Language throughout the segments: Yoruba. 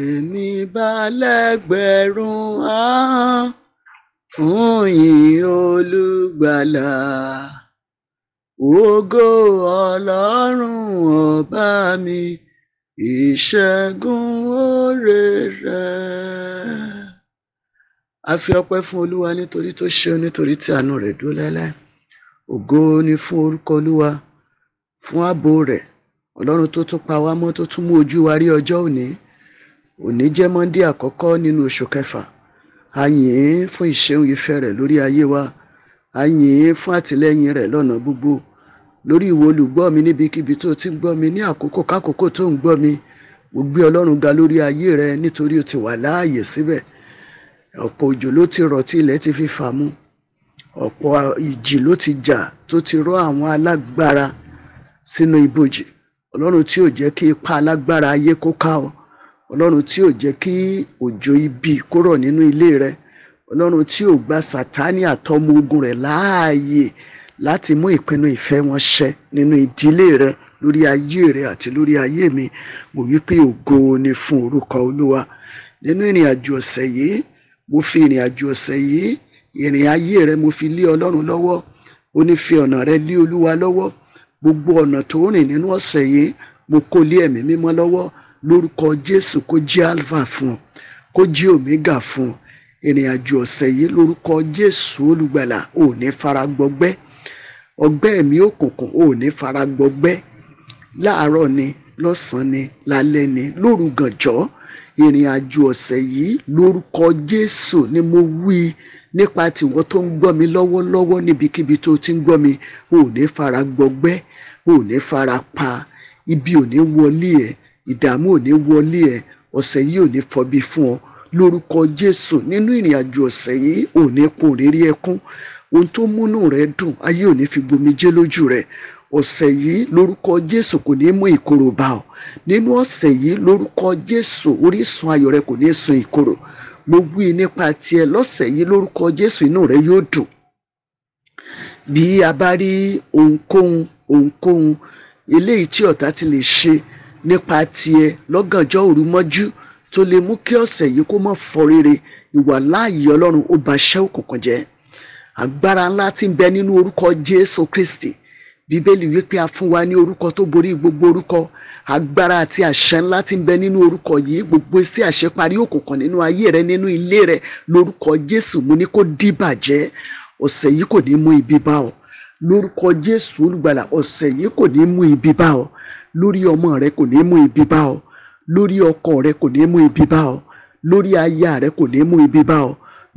èmi bá lẹ́gbẹ̀rún ahọ́n fún yìn olùgbàlà ògo ọlọ́run ọba mi ìṣẹ́gun oore rẹ̀. a fi ọpẹ́ fún olúwa nítorí tó ṣeun nítorí tí àánú rẹ̀ dúró láéláé ògo ni fún orúkọ olúwa fún ààbò rẹ̀ ọlọ́run tó tún pa wá mọ́ tó tún mú ojú wa rí ọjọ́ òní òní jẹ́ mọ́ndé àkọ́kọ́ nínú oṣù kẹfà a yìn ín fún ìṣeun ìfẹ́ rẹ̀ lórí ayé wa a yìn ín fún àtìlẹ́yìn rẹ̀ lọ́nà gbogbo lórí ìwọ olùgbọ́ mi níbikíbi tó ti ń gbọ́ mi ní àkókò kákòókò tó ń gbọ́ mi mo gbé ọlọ́run ga lórí ayé rẹ nítorí o ti wà láàyè síbẹ̀ ọ̀pọ̀ òjò ló ti rọ̀ tí ilẹ̀ ti fi fà mu ọ̀pọ̀ ìjì ló ti jà tó ti rọ́ àwọn alágbára sínú ibojì ọlọ́run tí ò jẹ́ kí ipa alágbára ayé kó ká ọ ọlọ́run tí ò jẹ́ kí òjò ibi kó rọ̀ nínú ilé rẹ ọlọ́run tí ò gba sátánì àtọmọ ogun rẹ̀ láàyè láti mú ìpinnu ìfẹ́ wọn ṣẹ nínú ìdílé rẹ lórí ayé rẹ àti lórí ayé mi mo wí ògo ni fún orúkọ olúwa nínú ìrìn àjò ọ̀sẹ̀ yìí mo fi ìrìn àjò ọ̀sẹ̀ yìí ìrìn ayé rẹ mo fi lé ọlọ́run lọ́wọ́ ó ní fi ọ̀nà rẹ lé olúwa lọ́wọ́ gbogbo ọ̀nà tó rìn nínú ọ̀sẹ̀ yìí mo kó lé ẹ̀mí mímọ́ lọ́wọ́ lórúkọ Jésù kó jẹ́ alpha fún ọ kó jẹ́ omega fún ọ ìrìn àjò ọ̀sẹ̀ yìí lórúkọ Jésù olùgbàlà ò ní fara gbọgbẹ́ ọgbẹ́ ẹ̀mí òkùnkùn ò ní fara gbọgbẹ́ láàárọ̀ ni lọ́sàn-án ni lálẹ́ ni lóru gànjọ́ ìrìn àjò ọ̀sẹ̀ yìí lórúkọ Jésù ni mo wí nípa tìwọ́ tó ń gbọ́ mi lọ́wọ́lọ́wọ́ níbikíbi tó ti ń gbọ́ mi ò ní fara gbọgbẹ́ ò ní fara pa ibi ò ní wọlé ẹ̀ ìdààmú ò ní wọlé ẹ ọ̀sẹ̀ yìí ò ní fọbi fún ọ lórúkọ Jésù nínú ìrìn àjò ọ̀sẹ̀ yìí ò ní kun rírí ẹkún ohun tó múnú rẹ dùn ayé ò ní fi gbomijé lójú rẹ ọ̀sẹ̀ yìí lórúkọ Jésù kò ní mú ìkorò bá ọ nínú ọ̀sẹ̀ yìí lórúkọ Jésù orísun ayọ̀ rẹ kò ní sun ìkorò mo wí tiẹ lọ́sẹ̀ yìí lórúkọ Jésù inú rẹ yóò dùn bí a bá rí ohunkóhun ohunkóhun eléyìí tí ọ̀tá ti lè ṣe nípa tiẹ̀ lọ́gànjọ́ òru mọ́jú tó lè mú kí ọ̀sẹ̀ yìí kó mọ́ fọ rere ìwà láàyè ọlọ́run ó ba iṣẹ́ òkùnkùn jẹ́ agbára ńlá tí ń bẹ nínú orúkọ jésù kristi bíbélì wípé a fún wa ní orúkọ tó borí gbogbo orúkọ agbára àti àṣẹ ńlá tí ń bẹ nínú orúkọ yìí gbogbo iṣẹ́ àṣeparí òkùnkùn nínú ayé rẹ nínú ilé rẹ lórúkọ jésù mú ní kó dìbàjẹ́ ọ̀sẹ̀ yìí kò ní mú ibi bá ọ lórúkọ jésù olùgbàlà ọ̀sẹ̀ yìí kò ní mú ibi bá ọ lórí ọmọ rẹ kò ní mú ibi bá ọ lórí ọkọ rẹ kò ní mú ibi bá ọ lórí aya rẹ kò ní mú ibi bá ọ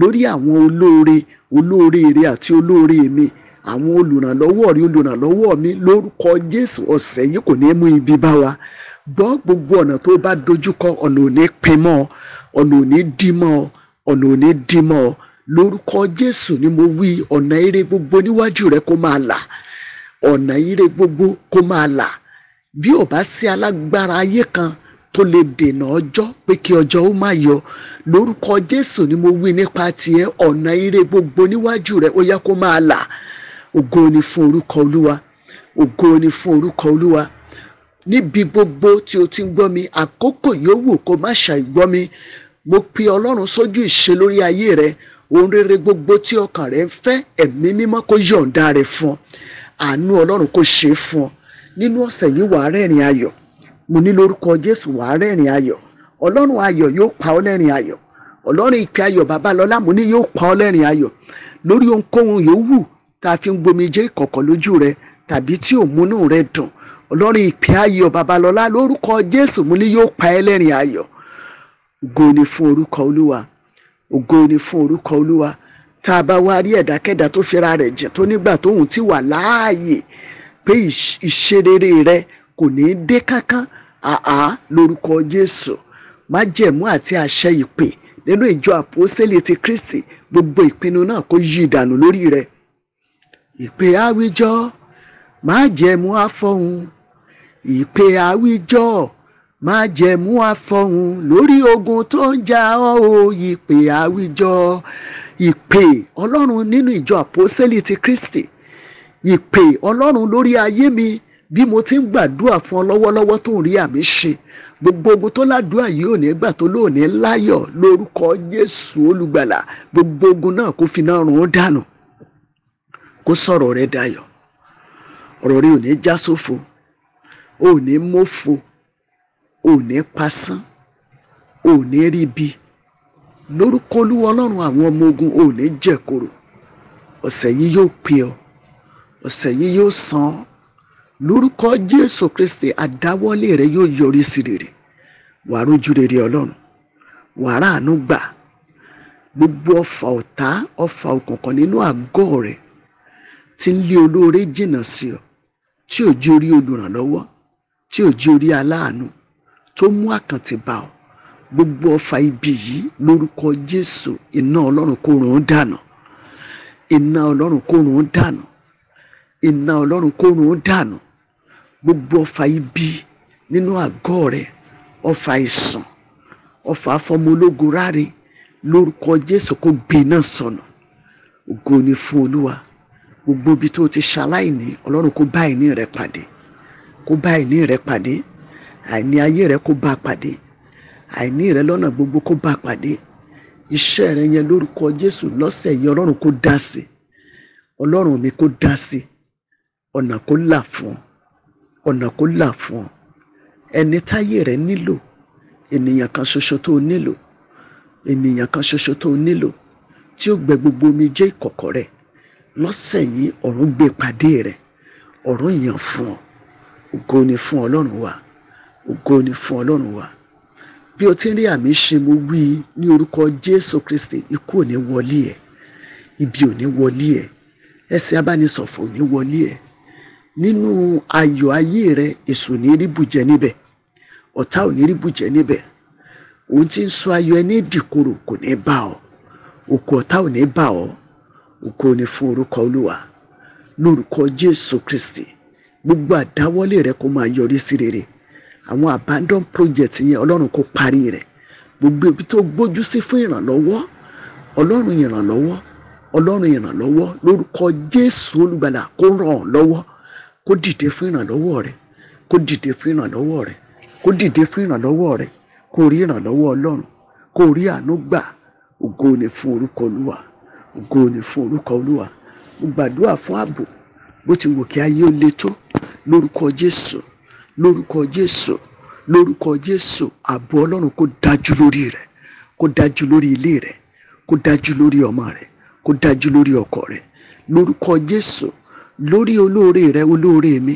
lórí àwọn olóore olóore rẹ àti olóore mi àwọn olùrànlọ́wọ́ rí olùrànlọ́wọ́ mi lórúkọ Jésù ọ̀sẹ̀ yìí kò ní mú ibi bá wa gbọ́ gbogbo ọ̀nà tó bá dojúkọ ọ̀nà ò ní pin mọ́ ọ̀nà ò ní dí mọ́ ọ̀nà ò ní dí mọ́ lórúkọ Jésù ni mo wí ọ̀nà ire gbogbo níwájú rẹ kó máa là ọ̀nà ire gbogbo kó máa là bí ò bá sí alágbára ayé kan tó lè dènà ọjọ́ pé kí ọjọ́ ó má yọ lórúkọ Jésù ni mo wí nípa tiẹ̀ ọ̀nà ire gbogbo níwájú rẹ ó yá kó máa là ògo ni fún orúkọ Olúwa ògo ni fún orúkọ Olúwa níbi gbogbo tí o ti ń gbọ́ mi àkókò yòówù kó má ṣàìgbọ́ mi mo pe Ọlọ́run sójú ìṣe lórí ayé rẹ ohun rere gbogbo tí ọkàn rẹ ń fẹ́ ẹ̀mí mímọ́ kó yọ̀ǹda rẹ̀ fún ọ àánú ọlọ́run kó ṣe é fún ọ nínú ọ̀sẹ̀ yìí wàá rẹ́rìn ayọ̀ mo ní lórúkọ jésù wàá rẹ́rìn ayọ̀ ọlọ́run ayọ̀ yóò pa ọ́ lẹ́rìn ayọ̀ ọlọ́run ìpè ayọ̀ babalọ́lá mo ní yóò pa ọ́ lẹ́rìn ayọ̀ lórí ohunkóhun yòówù tá a fi ń gbomijé ìkọ̀kọ̀ lójú rẹ tàbí tí ò rẹ dùn ọlọ́run ìpè ayọ̀ babalọ́lá lórúkọ jésù mo ní yóò pa ẹ́ lẹ́rìn ayọ̀ ògo fún orúkọ olúwa ògo ni fún orúkọ olúwa tá a bá wá rí ẹ̀dákẹ́dá tó fira rẹ̀ jẹ tó nígbà tóun ti wà láàyè pé ìṣerere rẹ kò ní í dé kankan àá lórúkọ jésù májẹ̀mú àti àṣẹ ìpè nínú ìjọ àpọ́sítélì ti kristi gbogbo ìpinnu náà kó yí ìdànù lórí rẹ ìpè àwíjọ májẹ̀mú àfọ̀hún ìpè àwíjọ májẹ̀mú afọ̀hún lórí ogun tó ń jà ọ́ o ìpè àwíjọ ìpè ọlọ́run nínú ìjọ àpọ́sẹ́lì ti Kristi ìpè ọlọ́run lórí ayé mi bí mo ti ń gbàdúrà fún ọ lọ́wọ́lọ́wọ́ tó ń rí àmì ṣe gbogbo ogun tó ládùúrà yìí ò ní gbà tó lóòní láyọ̀ lórúkọ Jésù olùgbàlà gbogbo ogun náà kó finá run ó dànù kó sọ̀rọ̀ rẹ dayọ̀ ọ̀rọ̀ rẹ ò ní já sófo ò ní mófo ò ní pasán ò ní ríbi lórúkọ olúwa ọlọ́run àwọn ọmọ ogun ò ní jẹ̀kọ̀rọ̀ ọ̀sẹ̀ yìí yóò pè ọ́ ọ̀sẹ̀ yìí yóò san ọ́ lórúkọ jésù kristi àdáwọ́lé rẹ yóò yọrí sí rere wàá rójú rere ọlọ́run wàá ráàánú gbà gbogbo ọfà ọ̀tá ọfà òkùnkàn nínú àgọ́ rẹ tí ń lé olóore jìnnà sí ọ tí ò jí orí olùrànlọ́wọ́ tí ò jí orí aláàánú tó mú àkàntì bá ọ gbogbo ọfà ibi yìí lórúkọ Jésù iná Ọlọ́run kó run dànù iná Ọlọ́run kó run dànù iná Ọlọ́run kó run dànù gbogbo ọfà ibi nínú àgọ́ rẹ ọfà ìsàn ọfà afọmọlógo ráre lórúkọ Jésù kó gbé náà sọnù ògo ni fún Olúwa gbogbo ibi tó ti ṣaláìní Ọlọ́run kó bá ìní rẹ pàdé kó bá ìní rẹ pàdé àìní ayé rẹ kó bá a pàdé àìní rẹ lọ́nà gbogbo kó bá a pàdé iṣẹ́ rẹ yẹn lórúkọ Jésù lọ́sẹ̀ yìí ọlọ́run kó dá sí ọlọ́run mi kó dá sí ọ̀nà kó là fún ọ̀nà kó là fún ẹni táyé rẹ nílò ènìyàn kan ṣoṣo tó nílò ènìyàn kan ṣoṣo tó nílò tí ó gbẹ gbogbo omi jẹ́ ìkọ̀kọ̀ rẹ lọ́sẹ̀ yìí ọ̀run gbé pàdé rẹ ọ̀run yàn fún ọ ògo ni fún ọlọ́run wa ògo ni fún ọlọ́run wa bí o ti ń rí àmì ṣe mo wí ní orúkọ jésù kristi ikú ò ní wọlé ẹ ibi ò ní wọlé ẹ ẹsẹ̀ abánisọ̀fọ̀ ò ní wọlé ẹ nínú ayọ̀ ayé rẹ èṣù ò ní rí bùjẹ níbẹ̀ ọ̀tá ò ní rí bùjẹ òun ti ń sọ ayọ̀ ẹni dìkorò kò ní bá ọ òkú ọ̀tá ò ní bá ọ òkú ò ní fún orúkọ olúwa lórúkọ jésù kristi gbogbo àdáwọ́lé rẹ kó máa yọrí sí rere. àwọn abandon project yẹn ọlọ́run kò parí rẹ̀ gbogbo ibi tó gbójú sí fún ìrànlọ́wọ́ ọlọ́run ìrànlọ́wọ́ ọlọ́run ìrànlọ́wọ́ lórúkọ jésù olùgbàlà kó ràn ọ́ lọ́wọ́ kó dìde fún ìrànlọ́wọ́ rẹ̀ kó dìde fún ìrànlọ́wọ́ rẹ̀ kó dìde fún ìrànlọ́wọ́ rẹ̀ kó rí ìrànlọ́wọ́ ọlọ́run kó rí àánú gbà ògo ni fún orúkọ olúwa ògo ni fún orúkọ olúwa mo gbàdúrà fún ààbò bó ti wù kí ayé ó le tó lórúkọ jésù lórúkọ Jésù lórúkọ Jésù ààbò Ọlọ́run kó dájú lórí rẹ kó dájú lórí ilé rẹ kó dájú lórí ọmọ rẹ kó dájú lórí ọkọ rẹ lórúkọ Jésù lórí olóore rẹ olóore mi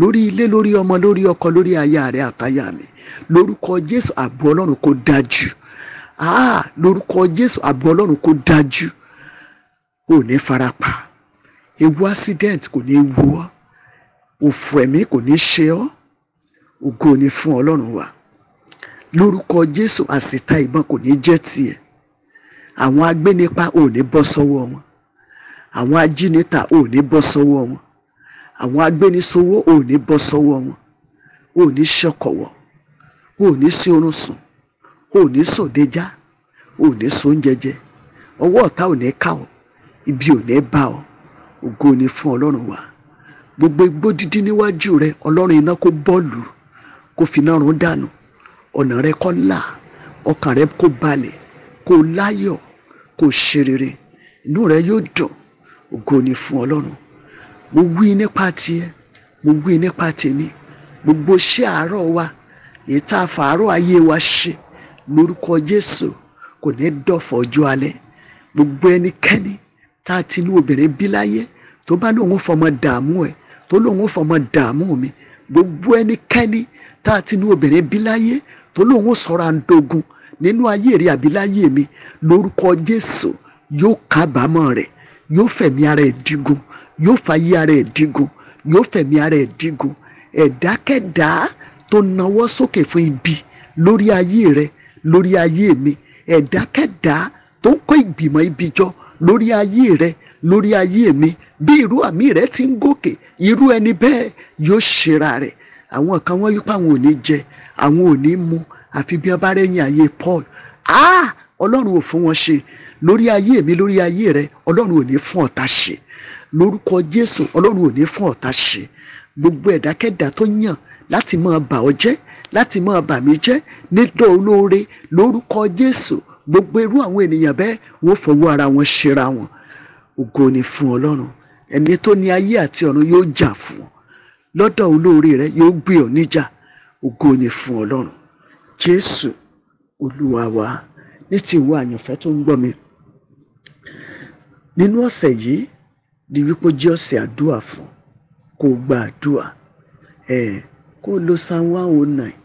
lórí ilé lórí ọmọ lórí ọkọ lórí aya rẹ àtaya mi lórúkọ Jésù ààbò Ọlọ́run kó dájú ah lórúkọ Jésù ààbò Ọlọ́run kó dájú ò ní farapa ewu accident kò ní wú ọ òfò ẹ̀mí kò ní ṣe ọ ògo ni fún ọlọ́run wa lórúkọ jésù àsìta ìbọn kò ní jẹ́ tiẹ̀ àwọn agbénipa ò ní bọ́ sọ́wọ́ wọn àwọn ajínigbà ò ní bọ́ sọ́wọ́ wọn àwọn agbénisowó ò ní bọ́ sọ́wọ́ wọn ò ní ṣọkọ̀wọ̀ ò ní sí oorun sùn ò ní sòdejá ò ní sóúnjẹjẹ ọwọ́ ọ̀tá ò ní ká ọ ibi ò ní bá ọ ògo ni fún ọlọ́run wa gbogbo igbó dídí níwájú rẹ ọlọ́run iná kó bọ́ọ̀lù kó finá run dànù ọ̀nà rẹ kó là ọkàn rẹ kó balẹ̀ kó láyọ̀ kó ṣe rere inú rẹ yóò dùn ògo ni fún ọlọ́run mo wí nípa tiẹ̀ mo wí nípa tèmi gbogbo iṣẹ́ àárọ̀ wa èyí tá a fàárọ̀ ayé wa ṣe lórúkọ jésù kò ní dọ̀fọ̀ ọjọ́ alẹ́ gbogbo ẹnikẹ́ni tá a ti ní obìnrin bí láyé tó bá lóun fọmọ dààmú ẹ tó lóun fọmọ dààmú mi gbogbo ẹnikẹ́ni tá a ti ní obìnrin bí láyé tó lóun ó sọ̀rọ̀ àǹdogun nínú ayé rẹ̀ àbí láyé mi lórúkọ Jésù yóò kábàámọ̀ rẹ̀ yóò fẹ̀mí ara ẹ̀ dígun yóò fàyè ara ẹ̀ dígun yóò fẹ̀mí ara ẹ̀ dígun ẹ̀dákẹ́dá tó nawọ́ sókè fún ibi lórí ayé rẹ̀ lórí ayé mi ẹ̀dákẹ́dá tó ń kó ìgbìmọ̀ ibi jọ lórí ayé rẹ̀ lórí ayé mi bí irú àmì rẹ̀ ti ń gòkè irú ẹni bẹ́ẹ̀ yóò ṣera rẹ̀ àwọn kan wọ́n yípa àwọn ò ní jẹ àwọn ò ní mu àfi bí wọ́n bá ayé Paul ah ọlọ́run ò fún wọn ṣe lórí ayé mi lórí ayé rẹ ọlọ́run ò ní fún ọ̀tá ṣe lórúkọ Jésù ọlọ́run ò ní fún ọ̀tá ṣe gbogbo ẹ̀dákẹ́dá tó yàn láti máa bà ọ́ jẹ́ láti máa bà mí jẹ́ nídọ̀ olóore lórúkọ Jésù gbogbo irú àwọn ènìyàn bẹ́ẹ̀ wọ́n fọwọ́ ara wọn ṣera wọn ògo ni fún ọlọ́run ẹni tó ní ayé àti ọ̀run yóò jà fún ọ lọ́dọ̀ olóore rẹ yóò gbé ọ níjà ògo ni fún ọlọ́run jésù olúwa wa ní ti ìwọ àyànfẹ́ tó ń gbọ́ mi nínú ọ̀sẹ̀ yìí di wípé jẹ́ ọ̀sẹ̀ àdúrà fún kó gba àdúrà ẹ̀ kó lo psalm one oh nine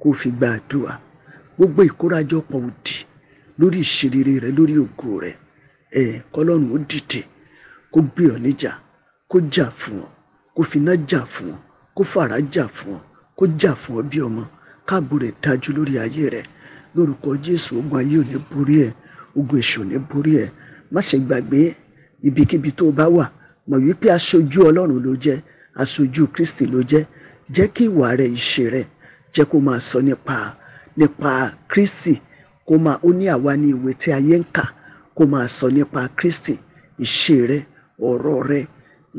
kó fi gba àdúrà gbogbo ìkórajọpọ̀ òdì lórí ìṣerere rẹ lórí ògo rẹ ẹ̀ kọ́lọ́run ó dìde kó gbé ọ níjà kó jà fún ọ kó finá jà fún ọ kó fàrà jà fún ọ kó jà fún ọ bí ọmọ káàbò rẹ dájú lórí ayé rẹ lórúkọ jésù ogun ayé ò borí ẹ ogun èṣù ò borí ẹ má ṣe gbàgbé ibikíbi tó bá wà mọ̀ wípé aṣojú Ọlọ́run ló jẹ́ aṣojú Kristi ló jẹ́ jẹ́ kí ìwà rẹ ìṣe rẹ jẹ́ kó máa sọ nípa nípa Kristi kó máa ó ní àwa ní ìwé tí ayé ń kà kó máa sọ nípa Kristi ìṣe rẹ ọ̀rọ̀ rẹ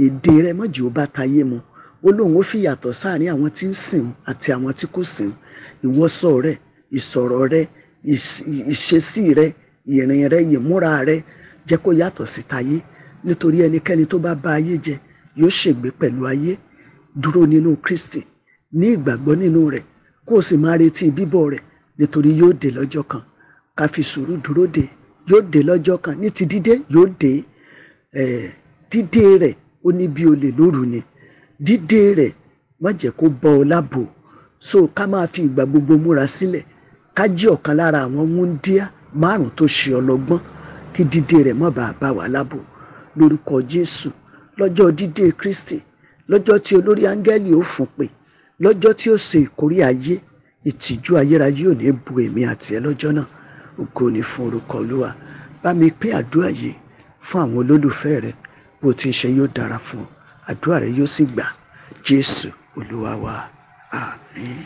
èdè rẹ mọ́jì ó bá tayé mu ó lóun ó fi yàtọ̀ sáàrin àwọn tí ń sìn àti àwọn tí kò sìn ìwọṣọ rẹ ìsọ̀rọ̀ rẹ ìṣesí rẹ ìrìn rẹ ìmúra rẹ jẹ́ kó yàtọ̀ sí tayé nítorí ẹnikẹ́ni tó bá bá ayé jẹ yóò ṣègbé pẹ̀lú ayé dúró nínú Kristi ní ìgbàgbọ́ nínú rẹ̀ kó o sì máa retí bíbọ̀ rẹ̀ nítorí yóò dé lọ́jọ́ kan ká fi sùúrù dúró dè yóò dé lọ́jọ́ kan ní ti dídé yóò dé ẹ̀ dídé rẹ̀ ó ní bí olè lóru ni dídé rẹ̀ má jẹ́ kó bọ́ ọ lábò so ká máa fi ìgbà gbogbo múra sílẹ̀ ká jí ọ̀kan lára àwọn wúńdíá márùn tó ṣe ọlọ́gbọ́n kí dídé rẹ̀ má bàa bá wa lábò lórúkọ Jésù lọ́jọ́ dídé Kristi lọ́jọ́ tí olórí áńgẹ́lì ó fún pè lọ́jọ́ tí ó ṣe ìkórè ayé ìtìjú ayérayé ò ní bu èmi àti ẹ lọ́jọ́ náà ògo ni fún orúkọ Olúwa bá mi pín àdúrà yìí fún àwọn olólùfẹ́ rẹ bó ti ń ṣe yóò dára fún ọ àdúrà rẹ yóò sì gbà jésù olúwa wa àmín.